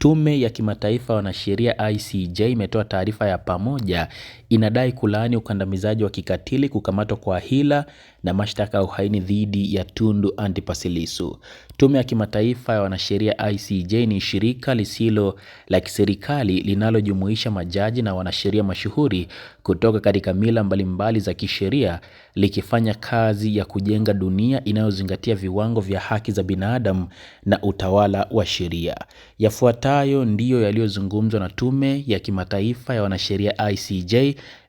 Tume ya Kimataifa Wanasheria ICJ imetoa taarifa ya pamoja, inadai kulaani ukandamizaji wa kikatili, kukamatwa kwa hila na mashtaka ya uhaini dhidi ya Tundu Antipas Lissu. Tume ya Kimataifa ya Wanasheria ICJ ni shirika lisilo la kiserikali linalojumuisha majaji na wanasheria mashuhuri kutoka katika mila mbalimbali za kisheria likifanya kazi ya kujenga dunia inayozingatia viwango vya haki za binadamu na utawala wa sheria. Yafuatayo ndiyo yaliyozungumzwa na Tume ya Kimataifa ya Wanasheria ICJ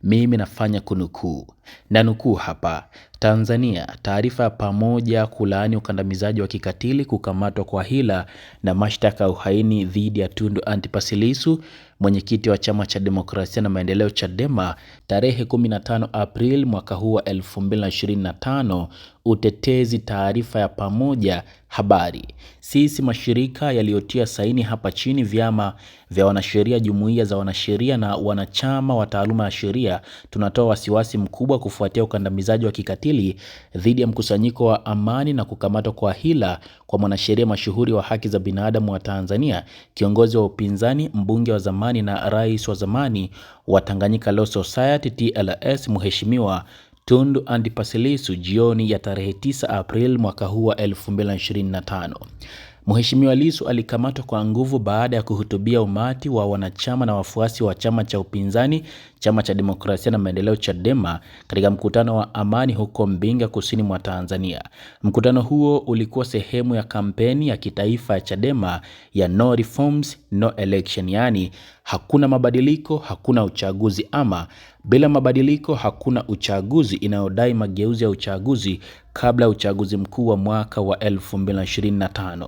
mimi nafanya kunukuu na nukuu hapa: Tanzania, taarifa ya pamoja kulaani ukandamizaji wa kikatili, kukamatwa kwa hila na mashtaka ya uhaini dhidi ya Tundu Antipas Lissu mwenyekiti wa chama cha demokrasia na maendeleo Chadema tarehe 15 Aprili mwaka huu wa 2025. Utetezi taarifa ya pamoja habari. Sisi mashirika yaliyotia saini hapa chini, vyama vya wanasheria, jumuiya za wanasheria na wanachama wa taaluma ya sheria, tunatoa wasiwasi mkubwa kufuatia ukandamizaji wa kikatili dhidi ya mkusanyiko wa amani na kukamatwa kwa hila kwa mwanasheria mashuhuri wa haki za binadamu wa Tanzania, kiongozi wa upinzani, mbunge wa zamani zamani na rais wa zamani wa Tanganyika Law Society TLS Mheshimiwa Tundu Antipas Lissu jioni ya tarehe 9 Aprili mwaka huu wa 2025. Mheshimiwa Lissu alikamatwa kwa nguvu baada ya kuhutubia umati wa wanachama na wafuasi wa chama cha upinzani, chama cha demokrasia na maendeleo Chadema, katika mkutano wa amani huko Mbinga, kusini mwa Tanzania. Mkutano huo ulikuwa sehemu ya kampeni ya kitaifa ya Chadema ya no reforms, no election, yani hakuna mabadiliko, hakuna uchaguzi, ama bila mabadiliko hakuna uchaguzi, inayodai mageuzi ya uchaguzi kabla ya uchaguzi mkuu wa mwaka wa 2025.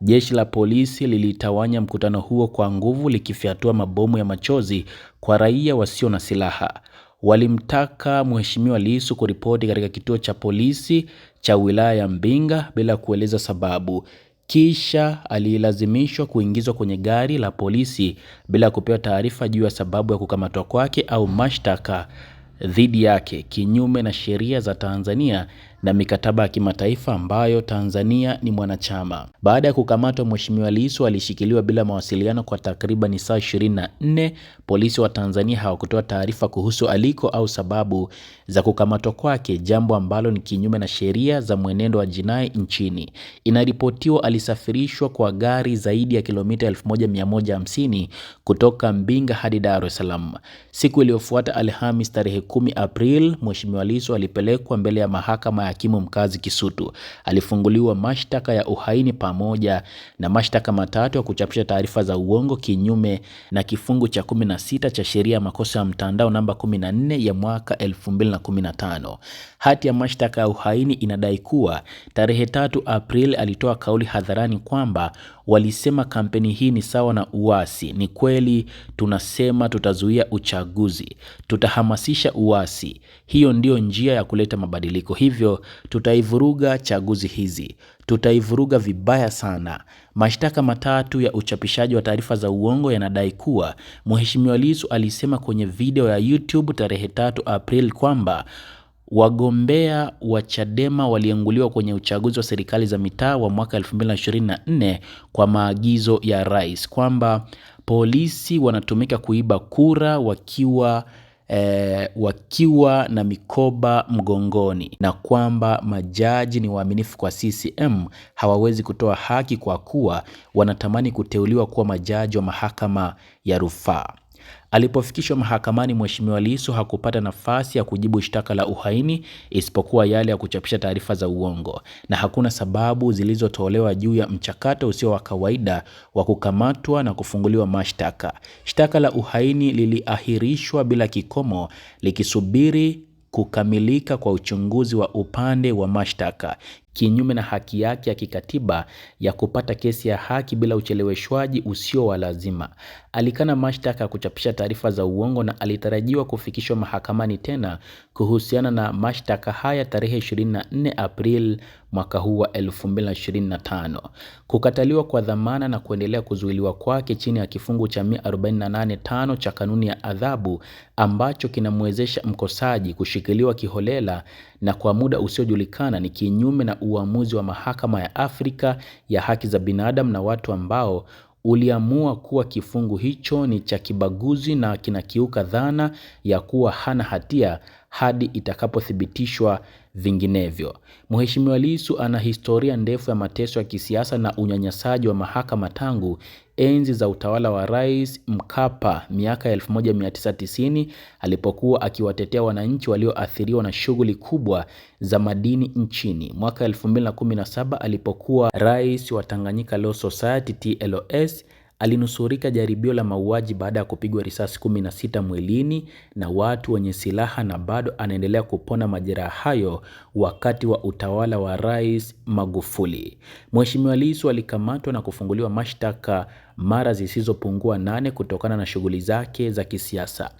Jeshi la polisi lilitawanya mkutano huo kwa nguvu, likifyatua mabomu ya machozi kwa raia wasio na silaha. Walimtaka Mheshimiwa Lissu kuripoti katika kituo cha polisi cha wilaya ya Mbinga bila kueleza sababu. Kisha alilazimishwa kuingizwa kwenye gari la polisi bila kupewa taarifa juu ya sababu ya kukamatwa kwake au mashtaka dhidi yake kinyume na sheria za Tanzania na mikataba ya kimataifa ambayo Tanzania ni mwanachama. Baada ya kukamatwa, Mheshimiwa Lissu alishikiliwa bila mawasiliano kwa takriban saa 24. Polisi wa Tanzania hawakutoa taarifa kuhusu aliko au sababu za kukamatwa kwake, jambo ambalo ni kinyume na sheria za mwenendo wa jinai nchini. Inaripotiwa alisafirishwa kwa gari zaidi ya kilomita 1150 kutoka Mbinga hadi Dar es Salaam. Siku iliyofuata, Alhamis tarehe 10 April, Mheshimiwa Lissu alipelekwa mbele ya mahakama ya hakimu mkazi Kisutu alifunguliwa mashtaka ya uhaini pamoja na mashtaka matatu ya kuchapisha taarifa za uongo kinyume na kifungu cha 16 cha sheria ya makosa ya mtandao namba 14 ya mwaka 2015. Hati ya mashtaka ya uhaini inadai kuwa tarehe 3 Aprili alitoa kauli hadharani kwamba walisema kampeni hii ni sawa na uasi. Ni kweli tunasema tutazuia uchaguzi, tutahamasisha uasi. Hiyo ndiyo njia ya kuleta mabadiliko. Hivyo tutaivuruga chaguzi hizi, tutaivuruga vibaya sana. Mashtaka matatu ya uchapishaji wa taarifa za uongo yanadai kuwa Mheshimiwa Lissu alisema kwenye video ya YouTube tarehe 3 Aprili kwamba wagombea wa Chadema walianguliwa kwenye uchaguzi wa serikali za mitaa wa mwaka 2024 kwa maagizo ya rais, kwamba polisi wanatumika kuiba kura wakiwa e, wakiwa na mikoba mgongoni na kwamba majaji ni waaminifu kwa CCM, hawawezi kutoa haki kwa kuwa wanatamani kuteuliwa kuwa majaji wa mahakama ya rufaa. Alipofikishwa mahakamani, Mheshimiwa Lissu hakupata nafasi ya kujibu shtaka la uhaini isipokuwa yale ya kuchapisha taarifa za uongo, na hakuna sababu zilizotolewa juu ya mchakato usio wa kawaida wa kukamatwa na kufunguliwa mashtaka. Shtaka la uhaini liliahirishwa bila kikomo likisubiri kukamilika kwa uchunguzi wa upande wa mashtaka kinyume na haki yake ya kikatiba ya kupata kesi ya haki bila ucheleweshwaji usio wa lazima. Alikana mashtaka ya kuchapisha taarifa za uongo na alitarajiwa kufikishwa mahakamani tena kuhusiana na mashtaka haya tarehe 24 Aprili mwaka huu wa 2025. Kukataliwa kwa dhamana na kuendelea kuzuiliwa kwake chini ya kifungu cha 148.5 cha kanuni ya adhabu ambacho kinamwezesha mkosaji kushikiliwa kiholela na kwa muda usiojulikana ni kinyume na uamuzi wa Mahakama ya Afrika ya Haki za Binadamu na watu ambao uliamua kuwa kifungu hicho ni cha kibaguzi na kinakiuka dhana ya kuwa hana hatia hadi itakapothibitishwa vinginevyo. Mheshimiwa Lissu ana historia ndefu ya mateso ya kisiasa na unyanyasaji wa mahakama tangu enzi za utawala wa Rais Mkapa miaka 1990 alipokuwa akiwatetea wananchi walioathiriwa na shughuli kubwa za madini nchini. Mwaka 2017 alipokuwa rais wa Tanganyika Law Society TLS alinusurika jaribio la mauaji baada ya kupigwa risasi 16 mwilini na watu wenye silaha na bado anaendelea kupona majeraha hayo wakati wa utawala wa Rais Magufuli. Mheshimiwa Lissu alikamatwa na kufunguliwa mashtaka mara zisizopungua nane kutokana na shughuli zake za kisiasa.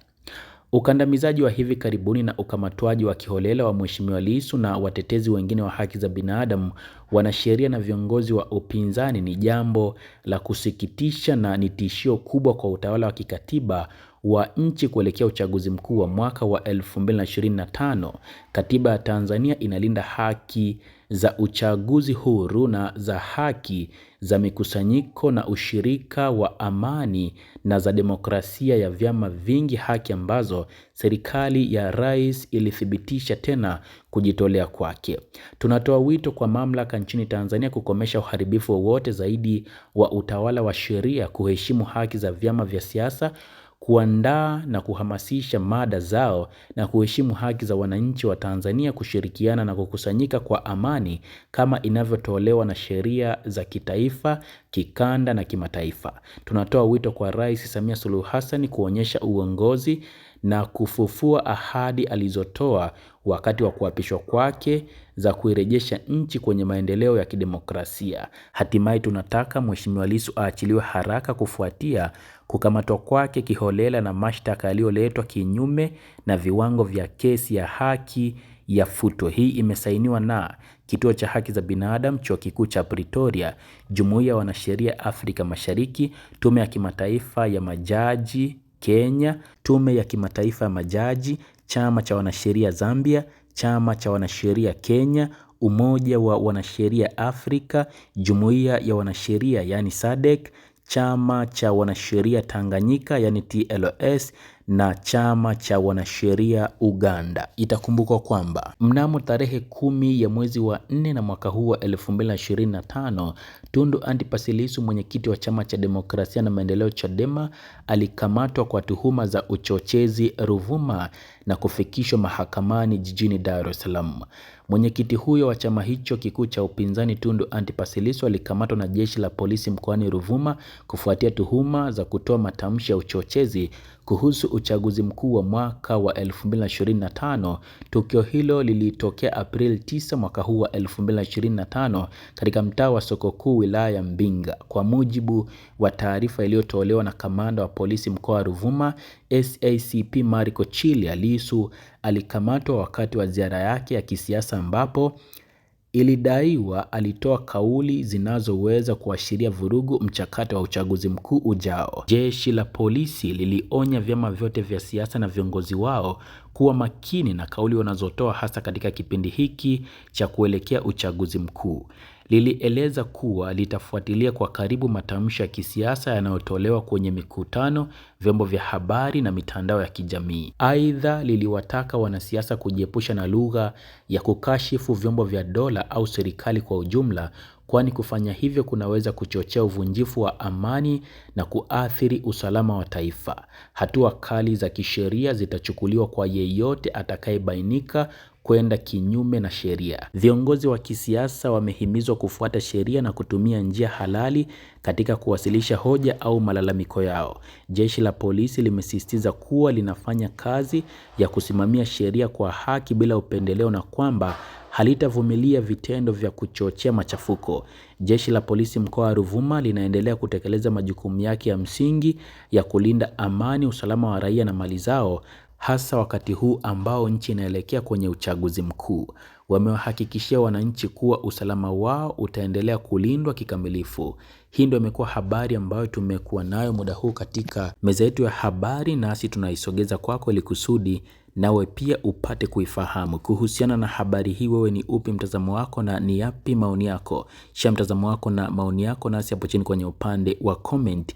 Ukandamizaji wa hivi karibuni na ukamatwaji wa kiholela wa Mheshimiwa Lissu na watetezi wengine wa haki za binadamu, wanasheria na viongozi wa upinzani ni jambo la kusikitisha na ni tishio kubwa kwa utawala wa kikatiba wa nchi kuelekea uchaguzi mkuu wa mwaka wa 2025, katiba ya Tanzania inalinda haki za uchaguzi huru na za haki za mikusanyiko na ushirika wa amani na za demokrasia ya vyama vingi, haki ambazo serikali ya rais ilithibitisha tena kujitolea kwake. Tunatoa wito kwa mamlaka nchini Tanzania kukomesha uharibifu wowote zaidi wa utawala wa sheria, kuheshimu haki za vyama vya siasa kuandaa na kuhamasisha mada zao na kuheshimu haki za wananchi wa Tanzania kushirikiana na kukusanyika kwa amani kama inavyotolewa na sheria za kitaifa, kikanda na kimataifa. Tunatoa wito kwa Rais Samia Suluhu Hassan kuonyesha uongozi na kufufua ahadi alizotoa wakati wa kuapishwa kwake za kuirejesha nchi kwenye maendeleo ya kidemokrasia. Hatimaye tunataka Mheshimiwa Lissu aachiliwe haraka kufuatia kukamatwa kwake kiholela na mashtaka yaliyoletwa kinyume na viwango vya kesi ya haki ya futo. Hii imesainiwa na Kituo cha Haki za Binadamu, Chuo Kikuu cha Pretoria, Jumuiya ya Wanasheria Afrika Mashariki, Tume ya Kimataifa ya Majaji Kenya, Tume ya Kimataifa ya Majaji, Chama cha Wanasheria Zambia, Chama cha Wanasheria Kenya, Umoja wa Wanasheria Afrika, Jumuiya ya Wanasheria yani SADC, Chama cha Wanasheria Tanganyika yani TLS na chama cha wanasheria Uganda. Itakumbukwa kwamba mnamo tarehe kumi ya mwezi wa nne na mwaka huu wa 2025 Tundu Antipas Lissu, mwenyekiti wa chama cha demokrasia na maendeleo Chadema, alikamatwa kwa tuhuma za uchochezi Ruvuma na kufikishwa mahakamani jijini Dar es Salaam. Mwenyekiti huyo wa chama hicho kikuu cha upinzani Tundu Antipas Lissu alikamatwa na jeshi la polisi mkoani Ruvuma kufuatia tuhuma za kutoa matamshi ya uchochezi kuhusu uchaguzi mkuu wa mwaka wa 2025. Tukio hilo lilitokea Aprili 9 mwaka huu wa 2025 katika mtaa wa Soko Kuu, wilaya ya Mbinga. Kwa mujibu wa taarifa iliyotolewa na kamanda wa polisi mkoa wa Ruvuma, SACP Marco Chilia alisu alikamatwa wakati wa ziara yake ya kisiasa ambapo ilidaiwa alitoa kauli zinazoweza kuashiria vurugu mchakato wa uchaguzi mkuu ujao. Jeshi la polisi lilionya vyama vyote vya siasa na viongozi wao kuwa makini na kauli wanazotoa hasa katika kipindi hiki cha kuelekea uchaguzi mkuu lilieleza kuwa litafuatilia kwa karibu matamshi ya kisiasa yanayotolewa kwenye mikutano, vyombo vya habari na mitandao ya kijamii. Aidha, liliwataka wanasiasa kujiepusha na lugha ya kukashifu vyombo vya dola au serikali kwa ujumla, kwani kufanya hivyo kunaweza kuchochea uvunjifu wa amani na kuathiri usalama wa taifa. Hatua kali za kisheria zitachukuliwa kwa yeyote atakayebainika kwenda kinyume na sheria. Viongozi wa kisiasa wamehimizwa kufuata sheria na kutumia njia halali katika kuwasilisha hoja au malalamiko yao. Jeshi la polisi limesisitiza kuwa linafanya kazi ya kusimamia sheria kwa haki bila upendeleo na kwamba halitavumilia vitendo vya kuchochea machafuko. Jeshi la polisi mkoa wa Ruvuma linaendelea kutekeleza majukumu yake ya msingi ya kulinda amani, usalama wa raia na mali zao hasa wakati huu ambao nchi inaelekea kwenye uchaguzi mkuu. Wamewahakikishia wananchi kuwa usalama wao utaendelea kulindwa kikamilifu. Hii ndio imekuwa habari ambayo tumekuwa nayo muda huu katika meza yetu ya habari, nasi tunaisogeza kwako ili kusudi nawe pia upate kuifahamu. Kuhusiana na habari hii, wewe ni upi mtazamo wako na ni yapi maoni yako? Shia mtazamo wako na maoni yako nasi hapo chini kwenye upande wa comment.